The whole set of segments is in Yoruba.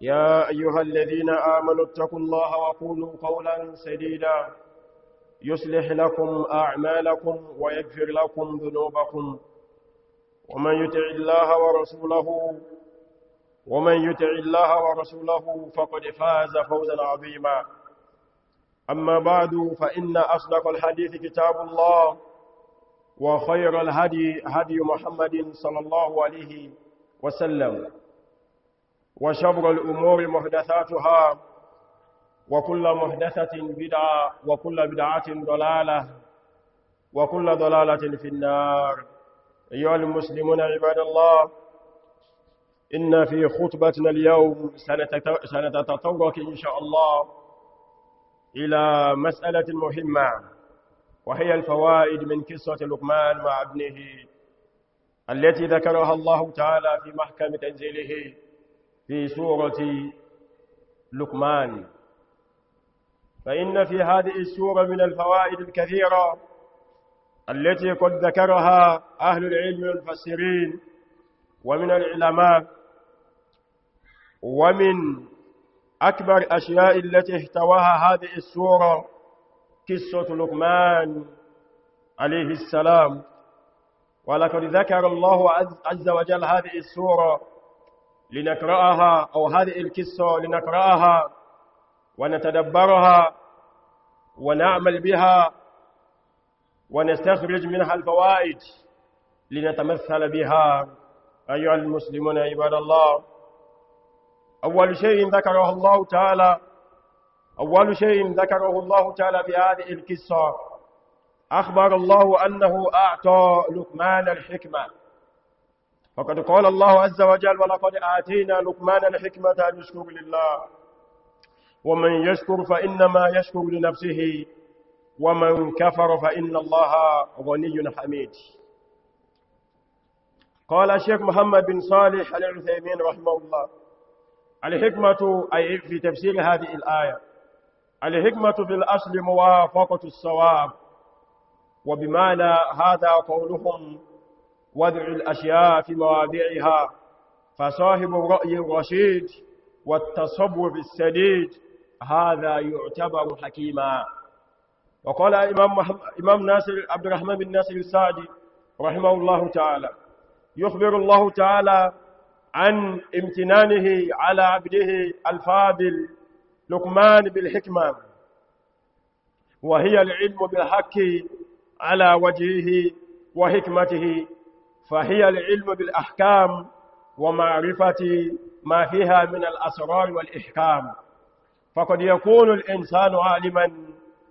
يا أيها الذين آمنوا اتقوا الله وقولوا قولا سديدا يصلح لكم أعمالكم ويغفر لكم ذنوبكم ومن يطع الله ورسوله ومن يطع الله ورسوله فقد فاز فوزا عظيما أما بعد فإن أصدق الحديث كتاب الله وخير الهدي هدي محمد صلى الله عليه وسلم وشبر الأمور محدثاتها وكل محدثة بدعة وكل بدعة ضلالة وكل ضلالة في النار أيها المسلمون عباد الله إن في خطبتنا اليوم سنتطرق إن شاء الله إلى مسألة مهمة وهي الفوائد من قصة لقمان مع ابنه التي ذكرها الله تعالى في محكم تنزيله في سورة لقمان فإن في هذه السورة من الفوائد الكثيرة التي قد ذكرها أهل العلم والفسرين ومن العلماء ومن أكبر أشياء التي احتواها هذه السورة قصة لقمان عليه السلام ولقد ذكر الله عز وجل هذه السورة لنقرأها أو هذه القصة لنقرأها ونتدبرها ونعمل بها ونستخرج منها الفوائد لنتمثل بها أيها المسلمون عباد الله أول شيء ذكره الله تعالى أول شيء ذكره الله تعالى في هذه القصة أخبر الله أنه أعطى لقمان الحكمة وقد قال الله عز وجل ولقد آتينا لقمان الحكمة أن يشكر لله ومن يشكر فإنما يشكر لنفسه ومن كفر فإن الله غني حميد قال الشيخ محمد بن صالح العثيمين رحمه الله الحكمة أي في تفسير هذه الآية الحكمة في الأصل موافقة الصواب وبمعنى هذا قولهم وضع الأشياء في مواضعها فصاحب الرأي الرشيد والتصبر السديد هذا يعتبر حكيما وقال إمام, إمام ناصر عبد الرحمن بن ناصر السعدي رحمه الله تعالى يخبر الله تعالى عن امتنانه على عبده الفاضل لقمان بالحكمة وهي العلم بالحق على وجهه وحكمته فهي العلم بالأحكام ومعرفة ما فيها من الأسرار والإحكام فقد يكون الإنسان عالما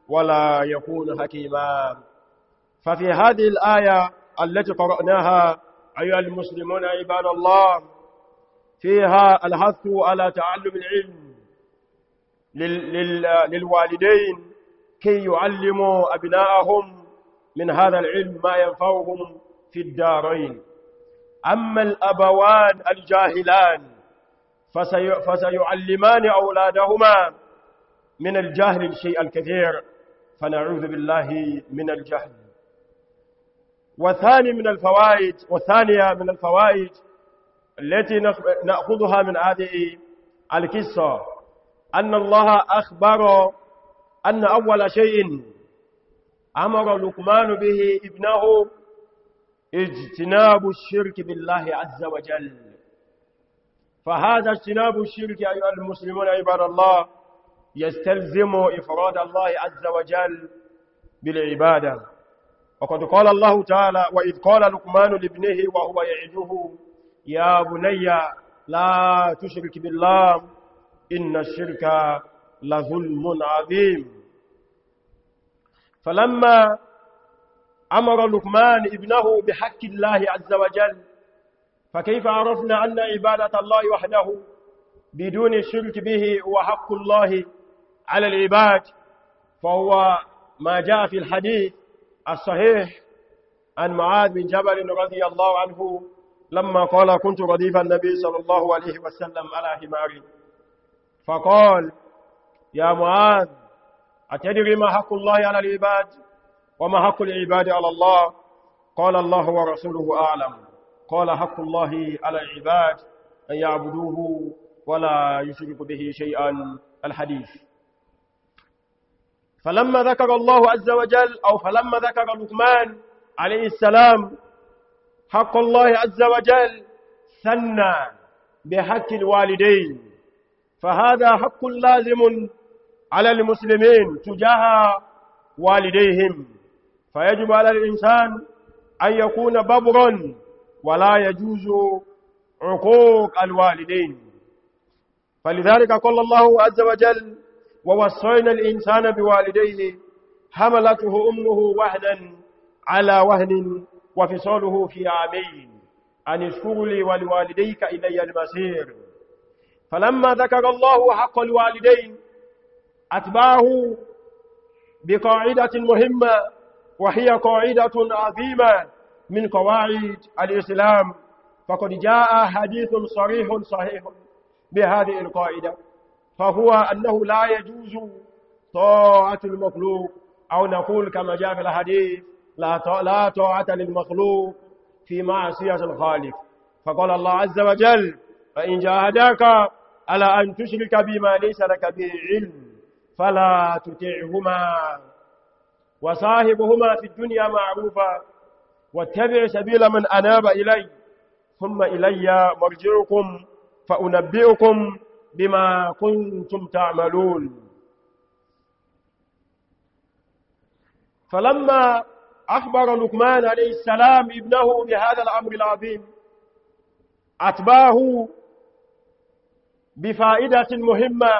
ولا يكون حكيما ففي هذه الآية التي قرأناها أيها المسلمون عباد الله فيها الحث على تعلم العلم لل للوالدين كي يعلموا أبناءهم من هذا العلم ما ينفعهم في الدارين أما الأبوان الجاهلان فسي... فسيعلمان أولادهما من الجهل الشيء الكثير فنعوذ بالله من الجهل وثاني من الفوائد وثانية من الفوائد التي نأخذها من هذه القصة أن الله أخبر أن أول شيء أمر لقمان به ابنه اجتناب الشرك بالله عز وجل فهذا اجتناب الشرك أيها المسلمون عباد الله يستلزم إفراد الله عز وجل بالعبادة وقد قال الله تعالى وإذ قال لقمان لابنه وهو يعده يا بني لا تشرك بالله إن الشرك لظلم عظيم فلما أمر لقمان ابنه بحق الله عز وجل فكيف عرفنا أن عبادة الله وحده بدون الشرك به وحق الله على العباد فهو ما جاء في الحديث الصحيح عن معاذ بن جبل رضي الله عنه لما قال كنت رديف النبي صلى الله عليه وسلم على حماري فقال يا معاذ أتدري ما حق الله على العباد؟ وما حق العباد على الله قال الله ورسوله أعلم قال حق الله على العباد أن يعبدوه ولا يشرك به شيئا الحديث فلما ذكر الله عز وجل أو فلما ذكر لقمان عليه السلام حق الله عز وجل ثنى بحق الوالدين فهذا حق لازم على المسلمين تجاه والديهم فيجب على الإنسان أن يكون ببرا ولا يجوز عقوق الوالدين فلذلك قال الله عز وجل ووصينا الإنسان بوالديه حملته أمه وهدا على وهن وفصاله في عامين أن اشكر لي ولوالديك إلي المسير فلما ذكر الله حق الوالدين أتباه بقاعدة مهمة وهي قاعدة عظيمة من قواعد الإسلام فقد جاء حديث صريح صحيح بهذه القاعدة فهو أنه لا يجوز طاعة المخلوق أو نقول كما جاء في الحديث لا طاعة للمخلوق في معصية الخالق فقال الله عز وجل فإن جاهداك على أن تشرك بما ليس لك به علم فلا تطعهما وصاحبهما في الدنيا معروفا واتبع سبيل من أناب إلي ثم إلي مرجعكم فأنبئكم بما كنتم تعملون فلما أخبر لقمان عليه السلام ابنه بهذا الأمر العظيم أتباه بفائدة مهمة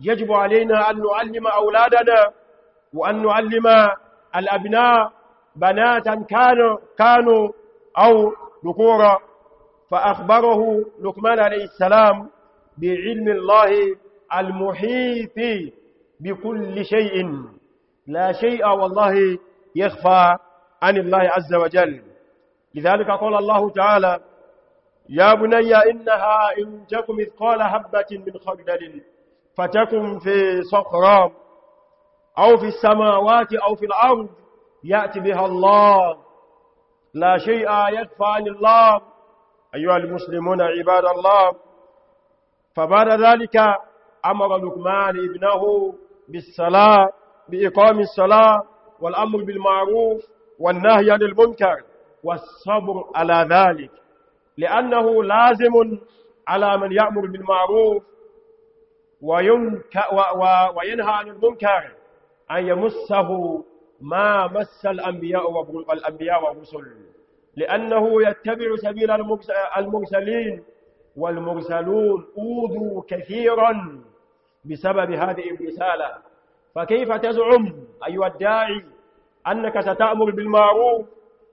يجب علينا أن نعلم أولادنا وأن نعلم الأبناء بناتا كانوا, كانوا أو ذكورا فأخبره لقمان عليه السلام بعلم الله المحيط بكل شيء لا شيء والله يخفى عن الله عز وجل لذلك قال الله تعالى يا بني إنها إن تكم إذ قال هبة من خردل فتكم في صخرام أو في السماوات أو في الأرض يأتي بها الله لا شيء يدفع عن الله أيها المسلمون عباد الله فبعد ذلك أمر لقمان ابنه بالصلاة بإقام الصلاة والأمر بالمعروف والنهي عن المنكر والصبر على ذلك لأنه لازم على من يأمر بالمعروف وينهى عن المنكر أن يمسه ما مس الأنبياء والأنبياء والرسل لأنه يتبع سبيل المرسلين والمرسلون أوذوا كثيرا بسبب هذه الرسالة فكيف تزعم أيها الداعي أنك ستأمر بالمعروف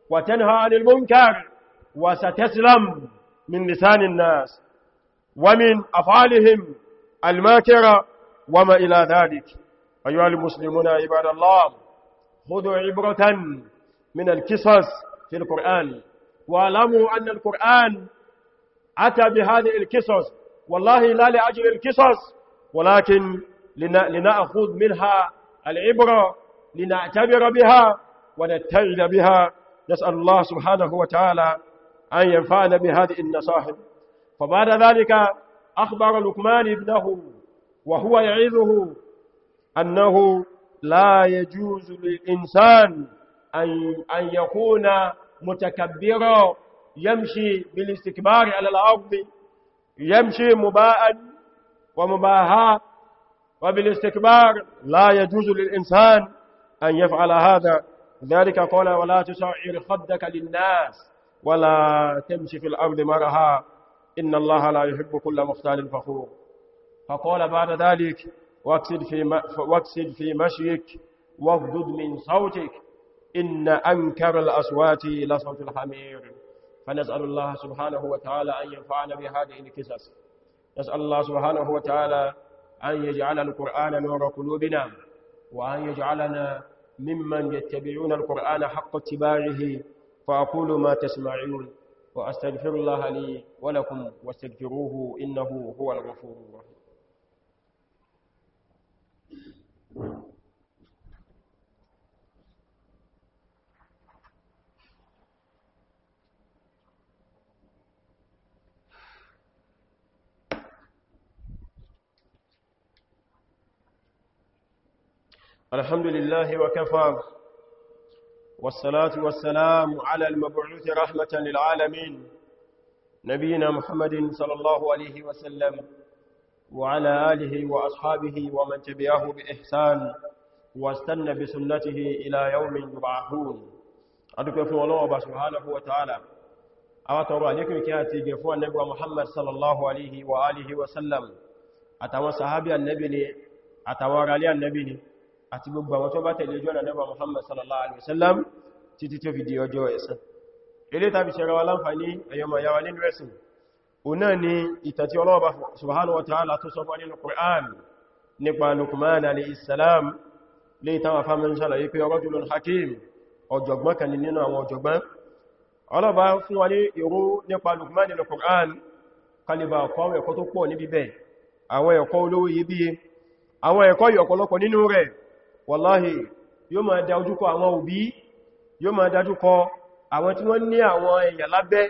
وتنهى عن المنكر وستسلم من لسان الناس ومن أفعالهم الماكرة وما إلى ذلك أيها المسلمون عباد الله خذوا عبرة من الكسس في القرآن واعلموا أن القرآن أتى بهذه الكسس والله لا لأجل الكسس ولكن لنأخذ منها العبرة لنعتبر بها ونتعد بها نسأل الله سبحانه وتعالى أن ينفعنا بهذه النصائح فبعد ذلك أخبر لقمان ابنه وهو يعيذه أنه لا يجوز للإنسان أن يكون متكبرا يمشي بالاستكبار على الأرض يمشي مباء ومباهاء وبالاستكبار لا يجوز للإنسان أن يفعل هذا ذلك قال ولا تسعر خدك للناس ولا تمشي في الأرض مرها إن الله لا يحب كل مختال فخور فقال بعد ذلك واكسد في, ما واكسد في مشيك واغدد من صوتك إن أنكر الأصوات لصوت الحمير فنسأل الله سبحانه وتعالى أن ينفعنا بهذه القصص نسأل الله سبحانه وتعالى أن يجعل القرآن نور قلوبنا وأن يجعلنا ممن يتبعون القرآن حق اتباعه فأقول ما تسمعون وأستغفر الله لي ولكم واستغفروه إنه هو الغفور الرحيم الحمد لله وكفى والصلاة والسلام على المبعوث رحمة للعالمين نبينا محمد صلى الله عليه وسلم وعلى آله وأصحابه ومن تبعه بإحسان واستنى بسنته إلى يوم يبعثون أدوكم في الله سبحانه وتعالى أواتوا عليكم كياتي جفوا النبي محمد صلى الله عليه وآله وسلم أتوا صحابي النبي أتوا رالي النبي أتبقى وتبات لجوان النبي محمد صلى الله عليه وسلم تتتفي ديو جوائس إلي تابي شروا لنفاني أيوم يوالين رسم ọ̀nà ni ìtàn tí Ọlọ́run Ọba subhanahu wa ta'ala tó sọ nínú Qur'an nípa Luqman alayhi salam lè tàwà fámin ṣàlàyé pé rajulun hakim ọ̀jọ̀gbọ́n kan nínú àwọn ọ̀jọ̀gbọ́n Ọlọ́run Ọba fún wa ní ìró nípa Luqman nínú Qur'an kalibà ọkọ̀ àwọn ẹ̀kọ́ tó pọ̀ níbi bẹ̀ àwọn ẹ̀kọ́ olówó iyebíye àwọn ẹ̀kọ́ yìí ọ̀pọ̀lọpọ̀ nínú rẹ̀ wàláhì yóò máa dá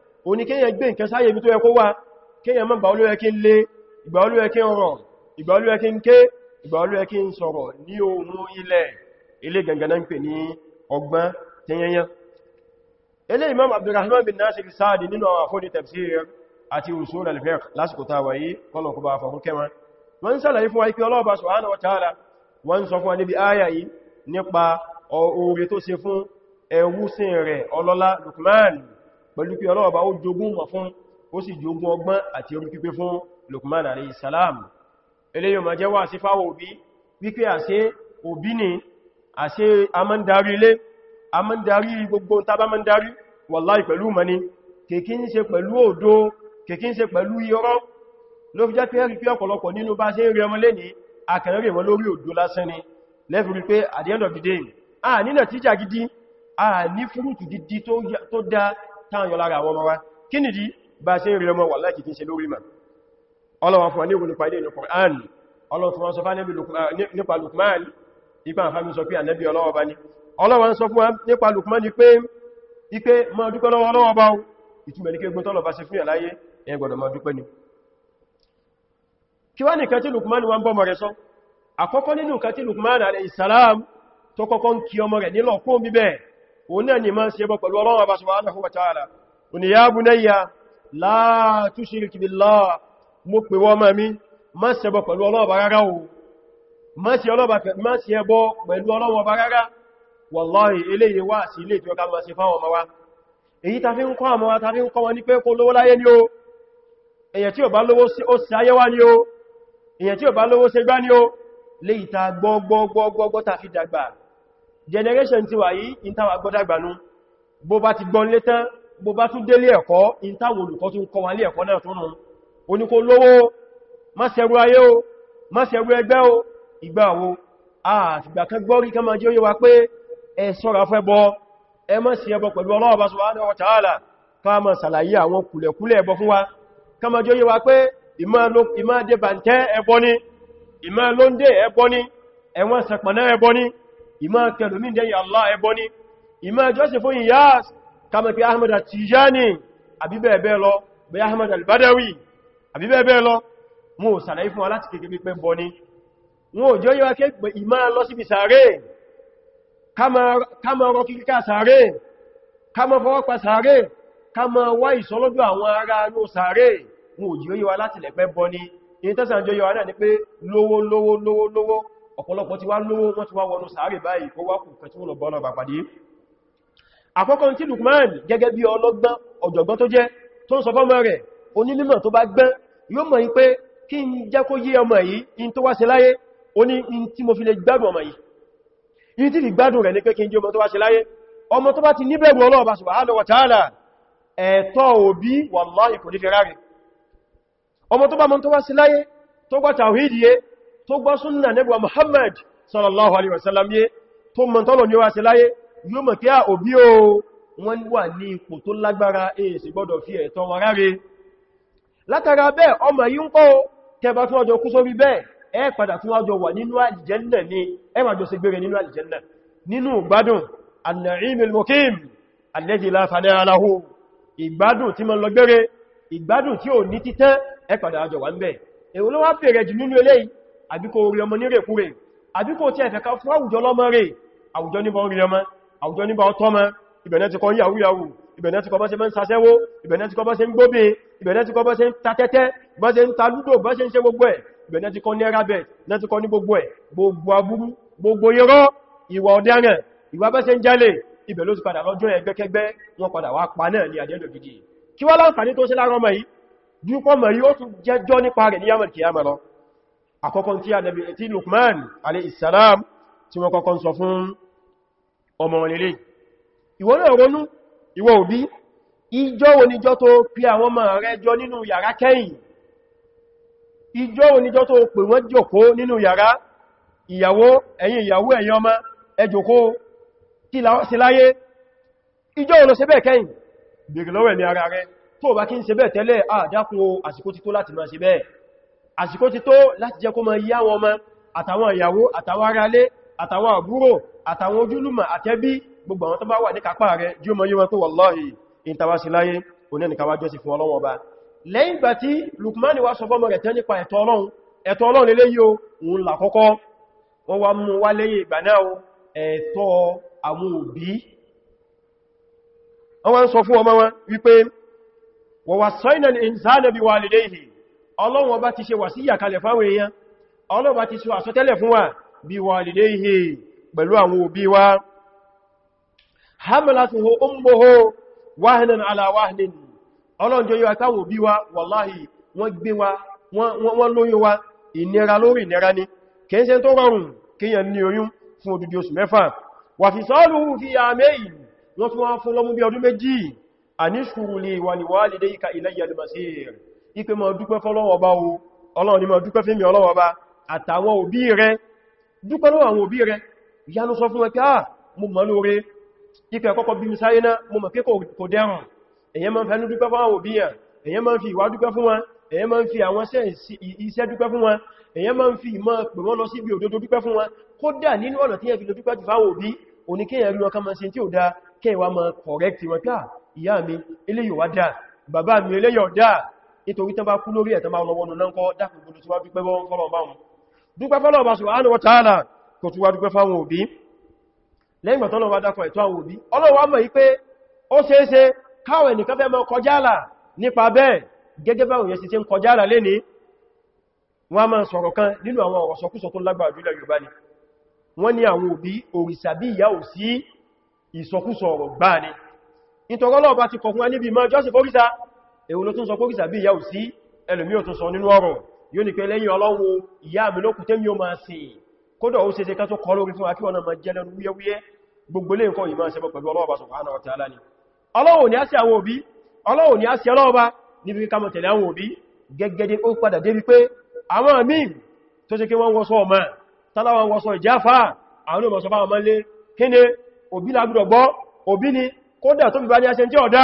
o ní kíyàn gbé nǹkan sáyé ibi tó yẹ kó wá kíyàn mọ́ ìgbàolóyẹ kí n lé ìgbàolóyẹ kí n rọ̀ ìgbàolóyẹ kí n ké ìgbàolóyẹ sọ̀rọ̀ ní ohun ilẹ̀ ilé gangan ń pè ní ọgbọ́n tẹ́yẹnyẹn ilé imam abdurrahman bin nasir sáàdì nínú àwọn usul al-fiqh lásìkò ta wáyé kọlọ̀kú bá fọ̀kún kẹwọn wọ́n sàlàyé fún wáyé pé ọlọ́ọ̀bá subhanahu wa ta'ala wọ́n sọ fún wa níbi pẹ̀lú pé ọlọ́ọ̀bá ó jogún mọ̀ fún ó sì jogún ọgbọ́n àti orí pípé fún Lukman alayhi salam eléyìí ma jẹ́ wà sí fáwọ̀ òbí wípé àṣẹ òbí ni àṣẹ amandarí ilé amandarí gbogbo tàbá mandarí wàláì pẹ̀lú mani kèkí ń ṣe pẹ̀lú òdó kèkí ń ṣe pẹ̀lú yọrọ ló fi jẹ́ pé rí pé ọ̀pọ̀lọpọ̀ nínú bá ṣe ń rí ọmọ lé ní àkànrẹ́ wọn lórí òdó lásán ni lẹ́fì rí pé at the end of the day a ní nàtíjà gidi a ní fúrùtù gidi tó dá táàyọ lára àwọn ọmọ wa kí ni di bá ṣe ń rí ọmọ wà láti kí n ṣe lórí ma ọlọ́wọ́n fún ní olùpa ilé inú Qur'an ọlọ́wọ́n fún wọn sọ fún nípa Lukman ipa àfámi sọ pé ànẹ́bí ọlọ́wọ́ bá ní ọlọ́wọ́n sọ fún nípa Lukman pé ipé ma dúpẹ́ lọ́wọ́ ọlọ́wọ́ bá ìtumẹ̀ ní kégun tọ́lọ̀ bá ṣe fún ìyàláyé ẹ gbọ́dọ̀ ma dúpẹ́ ni kí wá nìkan tí Lukman wá ń bọ́ mọ̀ rẹ̀ sọ àkọ́kọ́ nínú nǹkan tí Lukman alayhi salam tó kọ́kọ́ ń kí ọmọ rẹ̀ nílọ̀ kó onye náà ni máa ń ṣe bọ́ pẹ̀lú ọlọ́run ọba subhanahu wa ta'ala ya bunayya la tushrik billah mo pè wọ́n máa mi má ṣe bọ́ pẹ̀lú ọba rárá o má ṣe bọ́ pẹ̀lú ọba rárá wallahi eléyìí wà sí ilé ìjọba ọmọ wa ta fi ń kọ́ ta fi ń kọ́ wọn ní pé kó lówó ni o èyàn tí ò bá lówó ó sí ayé wá ni o generation ti wà yìí ìntàwà gbọ́dàgbànú bó bá ti gbọ́n létán bó bá tún délé ẹ̀kọ́ ìntàwà olùkọ́ tún kọ wà lé ẹ̀kọ́ náà tún rùn oníkó lówó má ṣẹrú ayé o má ṣẹrú ẹgbẹ́ o ìgbàwo àtìgbà kan gbọ́rí kan máa jẹ́ oyé wa pé ẹ ṣọ́ra fẹ́ bọ ẹ má sí ẹbọ pẹ̀lú Ọlọ́run subhanahu ìmá tẹ̀lómí jẹ́yìn Allah ẹbọ ní ìmá jọ́sẹ̀ fún ìyá kàmàkì Ahmad Tijani àbíbẹ̀ẹ̀bẹ̀ lọ bẹ̀ Ahmad al-Badawi àbíbẹ̀ẹ̀bẹ̀ lọ wọn ò sàlàyé fún wa láti kéèké pípẹ́ bọ ní wọn ò jọ yíwa kéèkpẹ̀ ìmá lọ síbi sàárè kàmà rọ kíkà sàárè kàmà fọwọ́pa sàárè kàmà wá ìsọlọ́dọ̀ àwọn ará ló sàárè wọn ò jọ yíwa láti lẹ̀pẹ́ bọ ní ìyẹn tẹ́sàn jọ yíwa náà ni pé lówó lówó lówó lówó ọ̀pọ̀lọpọ̀ ti wá lówó wọ́n ti wá wọnú sàárè báyìí kó wá kùn kan tí wọ́n lọ bọ́ọ̀lọ́ pàpàdé àkọ́kọ́ tí Lukman gẹ́gẹ́ bí ọlọ́gbọ́n ọ̀jọ̀gbọ́n tó jẹ́ tó ń sọ fọ́mọ rẹ̀ onílímọ̀ tó bá gbọ́n yóò mọ̀ pé kí n mo fi lè gbádùn ọmọ yìí in tí fi gbádùn rẹ̀ ní pé kí n jẹ́ ọmọ tó wá ṣe láyé ọmọ tó bá ti níbẹ̀rù Ọlọ́run subhanahu wa ta'ala ẹ̀tọ́ òbí tó gbá tàwídìí tó gbọ́ súnnà nẹ́gbà Muhammad sallallahu alaihi wasallam yé tó mọ̀ tọ́lọ̀ ní wá sí láyé yóò mọ̀ kí á ah, òbí o wọ́n wà ní ipò tó lágbára èèsì gbọ́dọ̀ fi ẹ̀tọ́ wọn ráre látara bẹ́ẹ̀ ọmọ yí ń kọ́ tẹba tún ọjọ́ kú bẹ́ẹ̀ ẹ padà tún ọjọ́ wà nínú àlìjẹ́nnà àbí kò rí ọmọ nírèkúrè àbí kò tí ẹ̀fẹ́ ká fún àwùjọ lọ́mọ rẹ̀ àwùjọ níbà orí ọmọ àwùjọ níbà ọtọ́mọ ibẹ̀nẹ́ ti kọ́ yàwó yàwó ibẹ̀nẹ́ ti kọ́ bọ́ ṣe mọ́ ń saṣẹ́wó ibẹ̀nẹ́ ti kọ́ bọ́ ṣe ń gbóbi ibẹ̀nẹ́ ti kọ́ bọ́ ṣe ń ta tẹ́tẹ́ bọ́ ṣe ń ta lúdò bọ́ ṣe ń ṣe gbogbo ẹ̀ ibẹ̀nẹ́ ti kọ́ ní ẹrabẹ̀ ní ti kọ́ ní gbogbo ẹ̀ gbogbo aburú gbogbo irọ́ ìwà ọ̀daràn ìwà bọ́ ṣe ń jalè ibẹ̀ ló àkọ́kọ́ tí ànábì tí Luqman alayhisalam tí wọ́n kọ́kọ́ sọ fún ọmọ onílé ìwọ náà ronú ìwọ òbí ìjọ́ oníjọ́ tó pè àwọn ọmọ rẹ jọ nínú yàrá kẹ́yìn ìjọ́ oníjọ́ tó pè wọ́n jòkó nínú yàrá ìyàwó ẹ̀yin ìyàwó ẹ̀yin ọmọ ẹ jòkó sí láyé ìjọ́ òun ṣe bẹ́ẹ̀ kẹ́yìn bèèrè lọ́wọ́ ẹ̀mí àsìkò ti tó láti jẹ́ kó máa yá wọn mọ́ àtàwọn ìyàwó àtàwọn arálé àtàwọn àbúrò àtàwọn ojúlùmọ̀ àtẹ́bí gbogbo àwọn tó bá wà ní kápá rẹ̀ jí o mọ̀ yí wọn pé wallahi in tàwà fún ọlọ́wọ́ Lukmani wá sọ fọ́mọ rẹ̀ tẹ́ nípa ẹ̀tọ́ Ọlọ́run ẹ̀tọ́ Ọlọ́run lélé yíò òun làkọ́kọ́ wọ́n wá mú wá lẹ́yìn ìgbà náà ẹ̀tọ́ àwọn òbí wọ́n sọ fún ọmọ wọn wípé wa wassayna ọlọ́run ọba ti ṣe wà sí ìyàkalẹ̀ fáwọn èèyàn ọlọ́run ọba ti ṣe àsọtẹ́lẹ̀ fún wa bí walidayhi pẹ̀lú àwọn òbí wa hamalatuhu ummuhu wahnan ala wahnin ọlọ́run jọ yíwa táwọn òbí wa wallahi wọ́n gbé wa wọ́n lóyún wa ìnira lórí ìnira ni kìí ṣe tó rọrùn kíyàn ní oyún fún odidi wa ilayya al-masir ipé mọ̀ dúpẹ́ fọ́lọ́wọ́ bá o ọlọ́run ni mọ̀ dúpẹ́ fẹ́mi ọlọ́wọ́ bá àtàwọn òbí rẹ dúpẹ́ lọ́wọ́ àwọn òbí rẹ ìyanu sọ fún ẹ pé ah mo mọ̀ lóore ipé àkọ́kọ́ bí mi sáyé náà mo mọ̀ pé kò dẹ̀rùn èyàn máa ń fẹnu dúpẹ́ fún àwọn òbí yàn èyàn máa ń fi ìwà dúpẹ́ fún wọn èyàn máa ń fi àwọn kẹwàá máa correct wọn pé ah, ìyá mi eléyìí wá dáa bàbá mi eléyìí ò dáa nítorí tán bá kú lórí ẹ̀tàn máa lọ́wọ́nù lọ́nkọ́ dákùnkùn tí wá dúpẹ́ fọ́lọ̀báhùn dúpẹ́ fọ́lọ̀bá subhanahu wa ta'ala kò tún wá dúpẹ́ fáwọn òbí lẹ́yìn tọ́lọ̀wà dákọ̀ ẹ̀tọ́ àwọn òbí ọlọ́wà mọ̀ wípé ó ṣeéṣe káwọn ẹnìkan fẹ́ mọ́ kọjáàlà nípa bẹ́ẹ̀ gẹ́gẹ́ báwọn yẹn sì ṣe ń kọjáàlà lénìí wọ́n máa sọ̀rọ̀ kan nínú àwọn ọ̀rọ̀ sọkúsọ tó lágbàájú ilẹ̀ Yorùbá ni wọ́n ní àwọn òbí òrìṣà bí ìyá ò sí ìsọkúsọ ọ̀rọ̀ gbáà ni ìtọ̀rọ̀lọ́ bá ti kọ̀kún ẹni bí mọ́ jọ́sìn fóríṣà èwo ló tún sọ pókìsà bí ìyá ò sí ẹlòmí ò tún sọ nínú ọ̀rọ̀ yóò ní pé lẹ́yìn ọlọ́wọ́ ìyá mi lókù tẹ́mi ó máa sì kódà ó ṣe ṣe ká tó kọ lórí fún akíwọ̀n náà máa jẹ́ lẹ́nu wúyẹ́wúyẹ́ gbogbo lè nǹkan ìmọ̀ ni ọlọ́wọ́ ni a sí àwọn òbí ọlọ́wọ́ ni a sí ọlọ́ọ̀bá níbi ká mọ̀ tẹ̀lé àwọn òbí gẹ́gẹ́dé ó padà débi pé àwọn míì tó ṣe ni òbí lágbùdọ̀ gbọ́ òbí ni kódà tó bí bá ní a tí ọ̀dá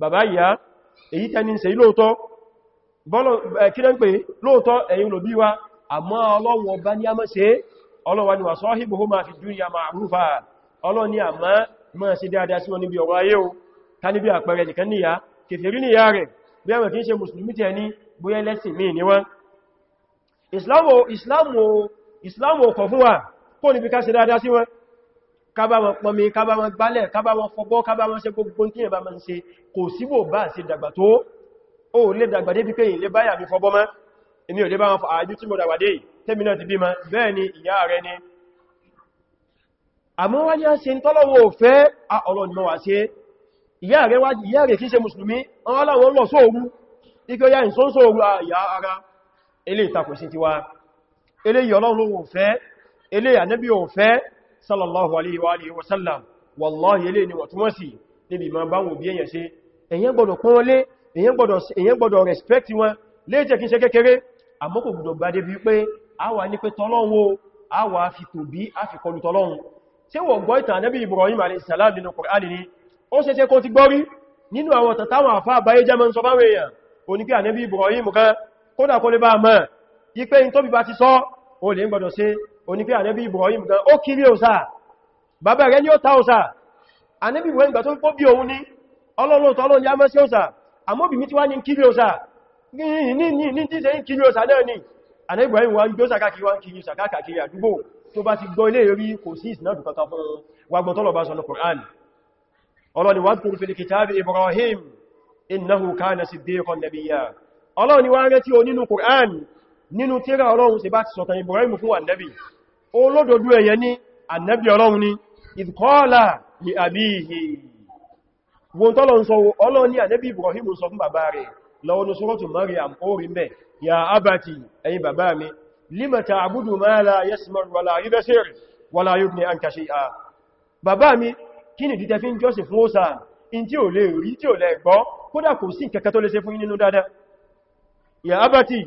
bàbá ìyá èyí tẹni ṣe lóòtọ́ bọ́lọ̀ kílẹ̀ ń pè lóòtọ́ ẹ̀yin ló bí wa àmọ́ ọlọ́wọ̀ bá ní a mọ́ ṣe ọlọ́wà ni wà ya fi ma ma'rufa ọlọ́ ni àmá máa ṣe dáadáa sí wọn níbi ọ̀rọ̀ ayé o ká níbi àpẹẹrẹ nìkan níyà kèfèrí níyà rẹ̀ bí ẹ̀mẹ̀ kí ń ṣe mùsùlùmí tẹ́ ní bóyá lẹ́sìn mí islamu kábá wọn pọnmi kábá wọn gbálẹ̀ kábá wọn fọgbọ́ kábá wọn ṣe gbogbo tí ẹ̀bá máa ń ṣe kò síbò bá ṣe dàgbà tó ó lè dàgbà dé pípé ìlé báyà mi fọgbọ́ mọ́ èmi ò lè ti wá ní a ṣe ń tọ́lọ́wọ́ òfẹ́ ọ̀rọ̀ ni mo wà ṣe ìyá rẹ wá ìyá rẹ kìí ṣe mùsùlùmí wọn wá láwọn lọ sóòrú ikú ya ìsọ́ sóòrú àyà sallallahu alayhi wa alihi wa sallam wallahi ele ni wọ̀túnwọ́sí níbi ma bá wò bí èyàn ṣe èyàn gbọ́dọ̀ pọ́n wọlé èyàn gbọ́dọ̀ respect wọn léèjẹ́ kí n ṣe kékeré àmọ́ kò gbọ́dọ̀ bá débi pé a wà ní pé tọ́lọ́wọ́ a wà fi tò bí a fi kọlu tọ́lọ́run ṣé wọ́n gbọ́ ìtàn Ànábì Ibrahim alayhi salam nínú Kùránì ni ó ṣe ṣe kó ti gbọ́rí nínú àwọn tàtàwọn àfá àbáyé jẹ́ mọ́ ń sọ báwọn èèyàn ó ní pé Ànábì Ibrahim kan kódà kó lè bá mọ́ ipé oní pé ànẹ́bí Ibrahim gan ó kiri òsà bàbá rẹ̀ ní ó ta òsà ànẹ́bí Ibrahim gbà tó pọ́ bí òun ní ọlọ́lọ́tọ́ ọlọ́run yá mọ́ sí òsà àmóbì mi ti wá ní kiri òsà ní tí ṣe ń kiri òsà náà ni ànẹ́bí Ibrahim wá ń gbósà káàkiri wá ń kiri òsà káàkiri àdúgbò tó bá nínú tírà ọlọ́run ṣe bá ti sọ̀tàn Ibrahim fún ànẹ́bì olódodo ẹ̀yẹ ní ànẹ́bì ọlọ́run ni ìdíkọ́ọ̀lá ní àbíhì wọn tọ́lọ ń sọ ọlọ́run ní ànẹ́bì Ibrahim sọ fún bàbá rẹ̀ lọ́wọ́ ya abati ẹ̀yin bàbá mi lima ta'budu ma la yasma'u wa la yubsir wa la yughni anka shay'a bàbá mi kí ni dìtẹ́ fi ń jọ́sìn fún òsà in tí ò ya abati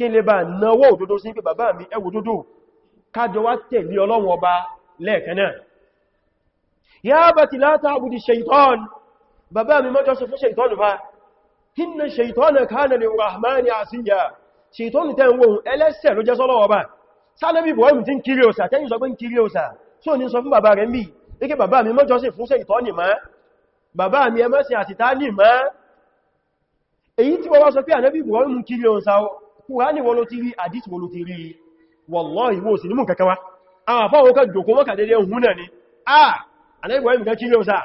kí lè bá náwó òdodo sí pé bàbá mi ẹwù dúdú kájọ wá tẹ̀lé ọlọ́run ọba lẹ́ẹ̀kan náà ya abati la ta'budi shaytan bàbá mi mọ́jọ́ sí fún shaytan fa inna shaytana kana lirrahmani asiya shaytan tẹ́ ń wòhun ẹlẹ́sẹ̀ ló jẹ́ sọ́lọ́wọ́ bá sálẹ́bí bọ̀ ẹ̀mù tí ń kiri òsà tẹ́yìn sọ pé ń kiri òsà tí ò ní sọ fún bàbá rẹ̀ ń mi mọ́jọ́ sí fún shaytan èyí tí wọ́n wá sọ pé ànẹ́bí bọ̀ ẹ̀mù kiri òsà kùránì wọ́n ló ti rí àdísì wọ́n ló ti rí wallahi wọ́n sì ní mú kankan wá àwọn afọ́wọ́ kan jòkó wọ́n kàdédé hún náà ni ah anẹ́bì wọ́n mìkan kílé ọ̀sá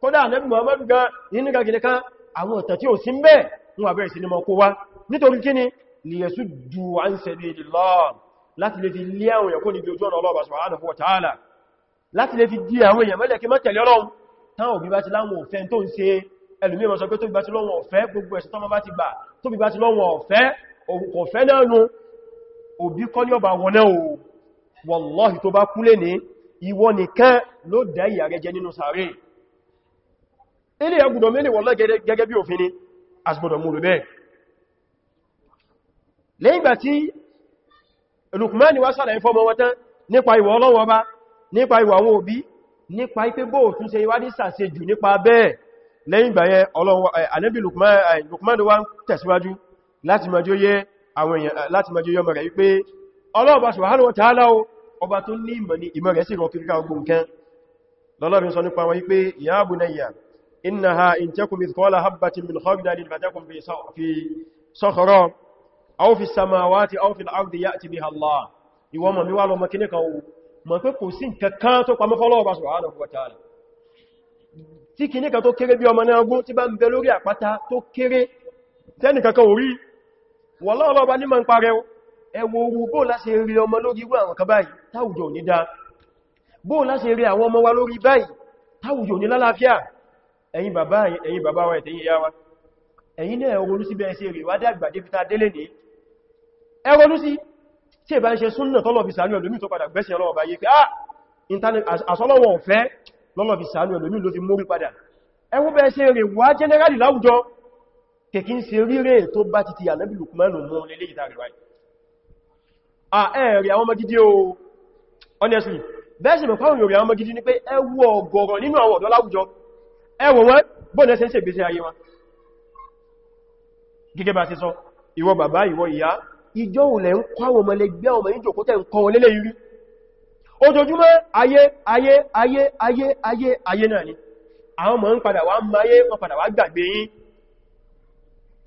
kódà anẹ́bì muhammadu gan nínú gagilẹ̀ kan àwọn ọ̀tà tí ó sí mbẹ́ wọn àbẹ̀rẹ̀ sí ni mọ̀ kó wá nítorí kíni liyasuddu an sabilillah láti lè fi lé àwọn èèyàn kó níbi ojú ọ̀nà ọlọ́ọ̀bà subhanahu wa ta'ala láti lè fi dí àwọn èèyàn mẹ́lẹ̀ kí mọ́ tẹ̀lé tó bí bá ti lọ́wọ́ ọ̀fẹ́ gbogbo ẹ̀sùn tó bí bá ti lọ́wọ́ ọ̀fẹ́ kò fẹ́ lẹ́nu òbí kọ́ ní ọba wọn náà wallahi tó bá kú lé ní ìwọ nìkan ló dá ìyà rẹ jẹ nínú sàárè ilé ẹgbùdọ̀ mẹ́lẹ̀ wallahi gẹ́gẹ́ bí òfin ni asìgbọ̀dọ̀ mú lò bẹ́ẹ̀ lẹ́yìn gbà tí Lukman wá sàlẹ̀ ìfọ́mọ wọn tán nípa ìwọ̀ ọlọ́wọ́ bá nípa ìwọ̀ àwọn òbí nípa ipé bó tún ṣe ìwádí sàṣejù nípa bẹ́ẹ̀ lẹ́yìn gbà yẹn Ànábì Lukman wá tẹ̀síwájú láti majó yẹ àwọn èèyàn láti majó yọ mẹ́rẹ̀ wípé ọlọ́ọ̀bá subhanahu wa ta'ala ọba tó ní ìmọ̀ ní ìmọ̀ rẹ̀ sí rọ̀ kíríkà ogun nǹkan lọ́lọ́bìn sọ nípa wọn wípé ya bunayya innaha in takum mithqala habbatin min khardalin fatakun fi sakhra aw fi samawati aw fil ardi ya'ti biha Allah ìwọ mọ̀ mi wá lọ mọ̀kíní kan o mọ̀ pé kò sí nǹkan kan tó tí kìníkà tó bá ń wallahi ọlọ́ọ̀bá ní ma ń parẹ́ ẹwọ orú bóò láti rí ọmọ lórí irú àwọn kan báyìí táwùjọ ní dá bóò láti rí àwọn ọmọ wa lórí báyìí táwùjọ ní lálàáfíà ẹ̀yin bàbá ẹ̀yin bàbá wa ẹ̀tẹ̀yin ìyá wa ẹ̀yin náà ronú sí bẹ́ẹ̀ sí rí wádá àgbàdé fita délé ní ẹ ronú sí tí ìbá ń ṣe súnnà tọ́lọ̀ fi sàánú ẹlòmí tó padà gbẹ́sẹ̀ ọlọ́wọ̀ bá yé pé ah internet àsọ́lọ́wọ̀ ọ̀fẹ́ lọ́lọ́ fi sàánú ẹlòmí ló fi mórí padà ẹwọ́ bẹ́ẹ̀ sí kèkí ń ṣe ríre tó bá ti ti ànábì Lukmanu mú lélé ìdáríwáyé à ẹ̀rì honestly bẹ́ẹ̀sì mọ̀ fáwọn yorì àwọn ọmọ gidi ní pé ẹwọ ọ̀gọ̀rọ̀ nínú àwọn ọ̀dọ́ láwùjọ ẹwọ wọn bọ́ọ̀nà ṣe ń ṣe gbèsè ayé wọn gẹ́gẹ́ bá ṣe sọ ìwọ bàbá ìwọ ìyá ìjọ òlẹ̀ ń kọ́ àwọn ọmọlẹgbẹ́ ọmọ ìjòkó tẹ́ ń kọ́ wọn lélẹ̀ rí ojoojúmọ́ ayé ayé ayé ayé ayé náà ni àwọn ọmọ ń padà wá máyé wọn padà wá gbàgbé yín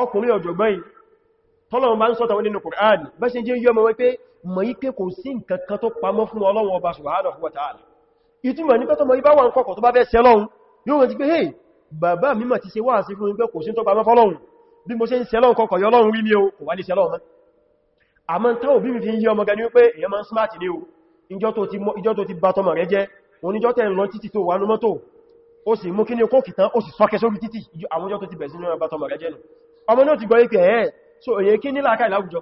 ọkùnrin ọ̀jọ̀gbọ́n yìí tọ́lọ̀wọ́n bá ń sọ́ta wọn nínú Kùránì bá ṣe jẹ́ yọmọ wípé mọ̀ yí pé kò sí nǹkan kan tó pamọ́ fún Ọlọ́run Ọba subhanahu hey bàbá mi mà ti ṣe wá sí fún mi pé kò sí ni o kò wá ní sẹ́lọ́run mọ́ àmọ́ táwọn òbí mi fi ń yí ọmọ gani wípé èèyàn máa ń smart ni o ìjọ tó ti bá tọmọ rẹ jẹ́ oníjọ́ ó sì mú kí ní okó kìtán ó sì sọ́kẹ́ títì àwọn ìjọ tó ti bẹ̀ sínú ọba tọmọ rẹ jẹ́ nù ọmọ náà ti gbọ́ ipẹ̀ ẹ̀ so èyẹ kí níláàkà ìlàwùjọ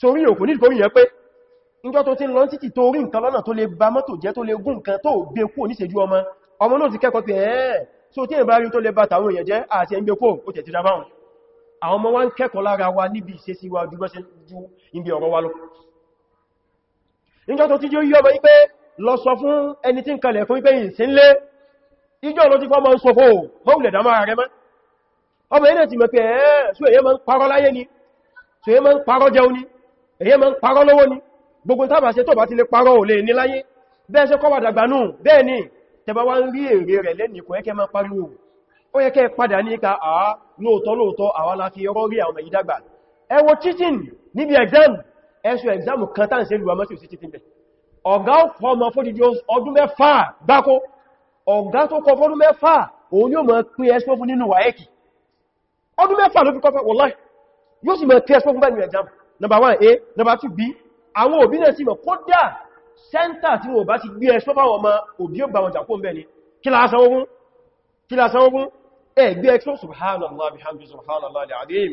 torí òkú ní ìkórí yẹn pé níjọ́ tó ti lọ títì tó rí nǹkan lọ́nà tó lè ba mọ́tò jẹ́ tó lè gún nǹkan tó gbé kú níṣẹ́jú ọmọ ọmọ náà ti kẹ́kọ̀ọ́ pé ẹ̀ so tí ìbá rí tó lè ba tàwọn èèyàn jẹ́ àti ẹgbẹ́ kó ó tẹ̀ wa ń kẹ́kọ̀ọ́ lára wa níbi ìṣesí wa ju gbọ́sẹ̀ ju ibi ọ̀rọ̀ wa lọ níjọ́ tó ti jẹ́ yí ọmọ wípé lọ ọmọ ẹ̀nà ti mọ̀ pé ẹ̀ẹ́ so èyẹ ma ń parọ́ láyé ni so èyẹ ma ń parọ́ jẹun ni èyẹ ma ń parọ́ lọ́wọ́ ni gbogbo tàbà ṣe tó bá ti lè parọ́ ò lè ní láyé bẹ́ẹ̀ ṣe kọ́wà dàgbà nù bẹ́ẹ̀ ni tẹba wá ń rí èrè rẹ̀ lẹ́nì kò yẹ́kẹ́ ma pariwo exam ẹ̀ṣù exam kan tàn sí lùwà mọ́sí òsì cheating bẹ̀ ọ̀gá ọmọ fódìdí ọdún mẹ́fà gbáko ọ̀gá tó kọ fọ́dún mẹ́fà òun yóò mọ̀ pín ẹsùn fún nínú wàẹ́kì ọdún mẹ́fà ló fi kọ́fẹ́ wọ́láì yóò sì mọ̀ tí ẹ̀sọ́ fún bẹ́ẹ̀ni exam number 1a number 2b àwọn òbí náà sì mọ̀ kódà sẹ́ntà tí wọ́n bá ti gbé ẹ̀sọ́ fáwọn ọmọ òbí ọgbà wọn jàkó mẹ́ni kí la san kí la ogún subhanallah bihamdi subhanallah al-azim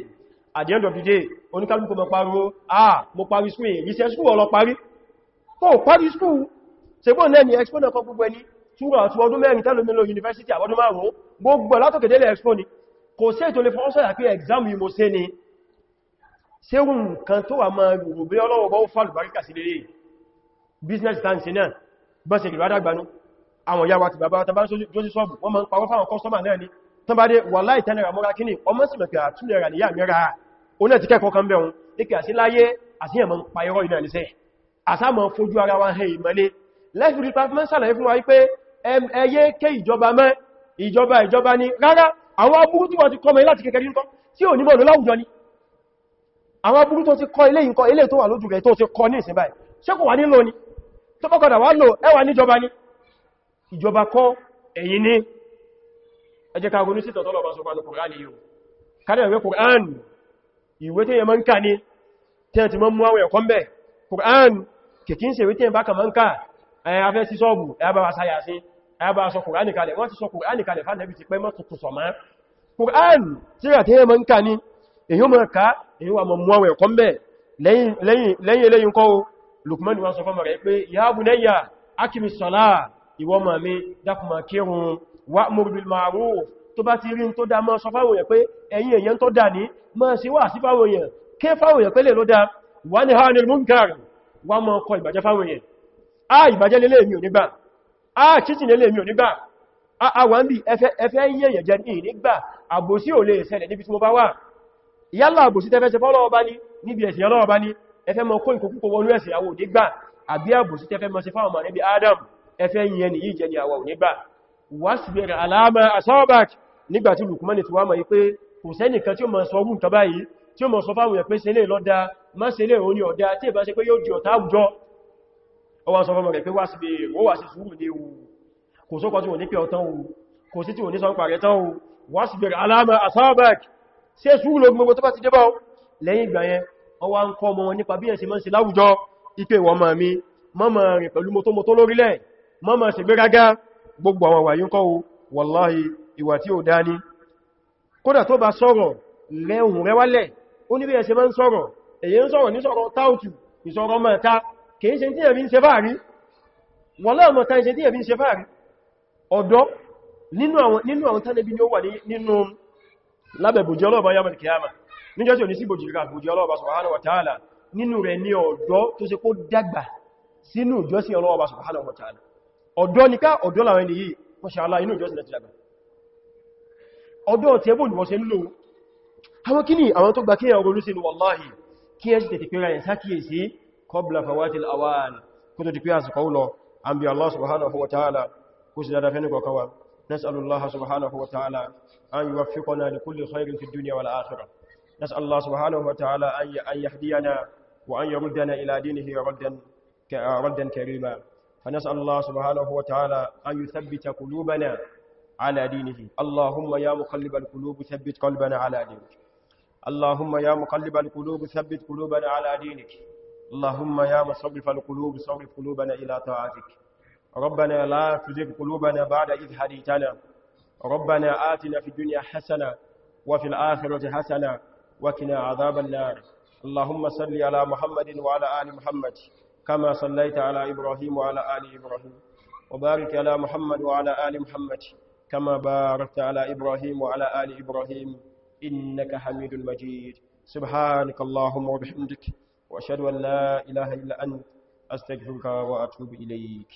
at the end of the day ah mo parí school school ọlọ parí tó parí school ṣegbọ́n náà ni expo náà kọ gbogbo ẹni túnrọ̀ àti ọdún university àwọn ọdún márùn-ún gbogbo látọ̀kẹ̀dẹ́lẹ̀ expo ni kò sí ètò lè fọ́n sọ́yà pé exam yìí mo sé ni ṣéhùn kan tó wà máa rùgbé ọlọ́wọ́ bọ́ fà lùbáríkà sí lérè business stance náà bọ́ sí ìrìwádà gbanú àwọn yàwà ti bàbá tàbá tó sí sọ́bù wọ́n máa pàwọ́ fáwọn customer náà ni tán bá dé wà láì tẹ́lẹ̀rà mọ́ra kíní ọmọ sì mẹ́fẹ́ àtúnlẹ̀rà ní yàmẹ́ra ó náà ti kẹ́kọ̀ọ́ kan bẹ̀rún ikẹ̀ àti láyé àsíyàn mọ́ pa irọ́ ìdá nìṣẹ́ àsá mọ́ fojú ara wa hẹ ìmọ́lé lẹ́fì ìjọba ìjọba ni rárá àwọn aburú tí wọ́n ti kọmọ láti kékeré nǹkan tí ò níbọ̀ lọ́láwùjọ ni àwọn aburú tó ti kọ ilé nǹkan ilé tó wà lójú rẹ̀ tó ti kọ ní ìsìn báyìí kò wà nílò ni tó pọ́kọ̀dà wà lò ẹwà níjọba ni ìjọba kọ́ ẹ̀yin ni ẹ jẹ́ ká ronú sí tọ̀tọ́lọ̀ bá sọpá ní kùránì yìí kárẹ̀ ìwé kùránì ìwé tí yẹn máa ń kà ní tí ẹ ti máa ń mú àwọn ẹ̀kọ́ ń bẹ̀ kùránì kìkí ń ṣe ìwé sí àbá sọ kùránì kalẹ̀ wọ́n ti sọ kùránì kalẹ̀ fánàbí ti pẹ́ mọ́tún tó sọ máa kùránì tí rà tí yẹ mọ́ ń ká ní èyí mọ́ ká èyí wà mọ́ mọ́wẹ̀ kọ́ mẹ́ lẹ́yìn eléyìn kọ́ Lukman wá sọ fọ́mọ̀ rẹ̀ pé ya bunayya akimi sọ́lá ìwọ ma mi dákùnmà kírun wa'mur bil ma'ruf tó bá ti rí tó dá mọ́ sọ fáwọn èèyàn pé ẹ̀yin èèyàn tó dá ní mọ́ sí wà sí fáwọn èèyàn ké mọ́ kọ ìbàjẹ́ fáwọn èèyàn ah ìbàjẹ́ lélẹ́ mi ò nígbà ah cheating lè mi ò nígbà ah, ah, àwọn bí ẹfẹ́ yẹ̀yẹ̀ jẹ́ ní nígbà àbòsí ò lè ṣẹlẹ̀ níbi tí mo bá wà yálà àbòsí tẹ́fẹ́ ṣe fọ́lọ́wọ́ bá ní níbi ẹ̀sìn ọlọ́wọ́ bá ní ẹfẹ́ mọ kó ìkòkúkò wọnú ẹ̀sìn àwọ̀ nígbà Adam ẹfẹ́ ni yìí jẹ́ ni àwọ̀ alama asabak nígbà tí Lukman ti wá mọ̀ pé kò sẹ́nì kan tí ó mọ̀ sọ ogun kan báyìí tí ó wá sọ fọ́mọ rẹ̀ pé wá sí bèèrè ó wà sí sùúrù ní ewu kò sókọ tí wọ́n ní pẹ́ ọ̀tán o kò sí tí wọ́n ní sọ pàrẹ tán o wá sí bèèrè alama asabak sí sùúrù lóògùn gbogbo tó bá ti débá o lẹ́yìn ìgbà yẹn ó wá ń kọ́ ọmọ nípa bí ẹ̀sìn mọ́ sí láwùjọ ipe wọ́n máa mi mọ́mọ̀ rìn pẹ̀lú mọ́tọ́mọ́tọ́ lórílẹ̀ mọ́mọ̀ sì gbéraga gbogbo àwọn wàyí ń kọ́ o wàláhì ìwà tí ó dání kódà tó bá sọ̀rọ̀ rẹ̀ ohùn rẹ̀ wálẹ̀ ó ní bí ẹ̀sìn mọ́ ń sọ̀rọ̀ èyí ń sọ̀rọ̀ ní sọ̀rọ̀ kìí ṣe tí ẹ̀bí ń ṣe fáàrí wọ́n láàmọ̀ tàí ṣe tí ẹ̀bí ń ṣe fáàrí ọ̀dọ́ nínú àwọn tánẹ́bí ni ó wà nínú lábẹ̀bòjì ọlọ́ọ̀bá yamal kiyama níjọ́ tí ò ní sí bòjì ìrìnàbòjì ọlọ́ọ̀bá subhanahu wa ta'ala nínú rẹ̀ ní ọ̀dọ́ tó ṣe kó dàgbà sínú ìjọsìn ọlọ́ọ̀bá subhanahu wa ta'ala ọ̀dọ́ ní ká ọ̀dọ́ làwọn ẹni yìí mashallah inú ìjọsìn láti kí ẹ̀ ọgbọ̀n lúsìn wallahi kí ẹ sì قبل فوات الاوان كنت kuto jipia ان hulo ambia Allah subhanahu wa ta'ala kusidada نسأل الله سبحانه وتعالى أن يوفقنا لكل خير في الدنيا والآخرة نسأل الله سبحانه وتعالى أن يهدينا وأن يردنا إلى دينه ردا كردا كريما فنسأل الله سبحانه وتعالى أن يثبت قلوبنا على دينه اللهم يا مقلب القلوب ثبت قلبنا على دينك اللهم يا مقلب القلوب ثبت قلوبنا على دينك اللهم يا مصرف القلوب صرف قلوبنا إلى طاعتك ربنا لا تزغ قلوبنا بعد إذ هديتنا ربنا آتنا في الدنيا حسنة وفي الآخرة حسنة وكنا عذاب النار اللهم صل على محمد وعلى آل محمد كما صليت على إبراهيم وعلى آل إبراهيم وبارك على محمد وعلى آل محمد كما باركت على إبراهيم وعلى آل إبراهيم إنك حميد المجيد سبحانك اللهم وبحمدك وأشهد أن لا إله إلا أنت أستغفرك وأتوب إليك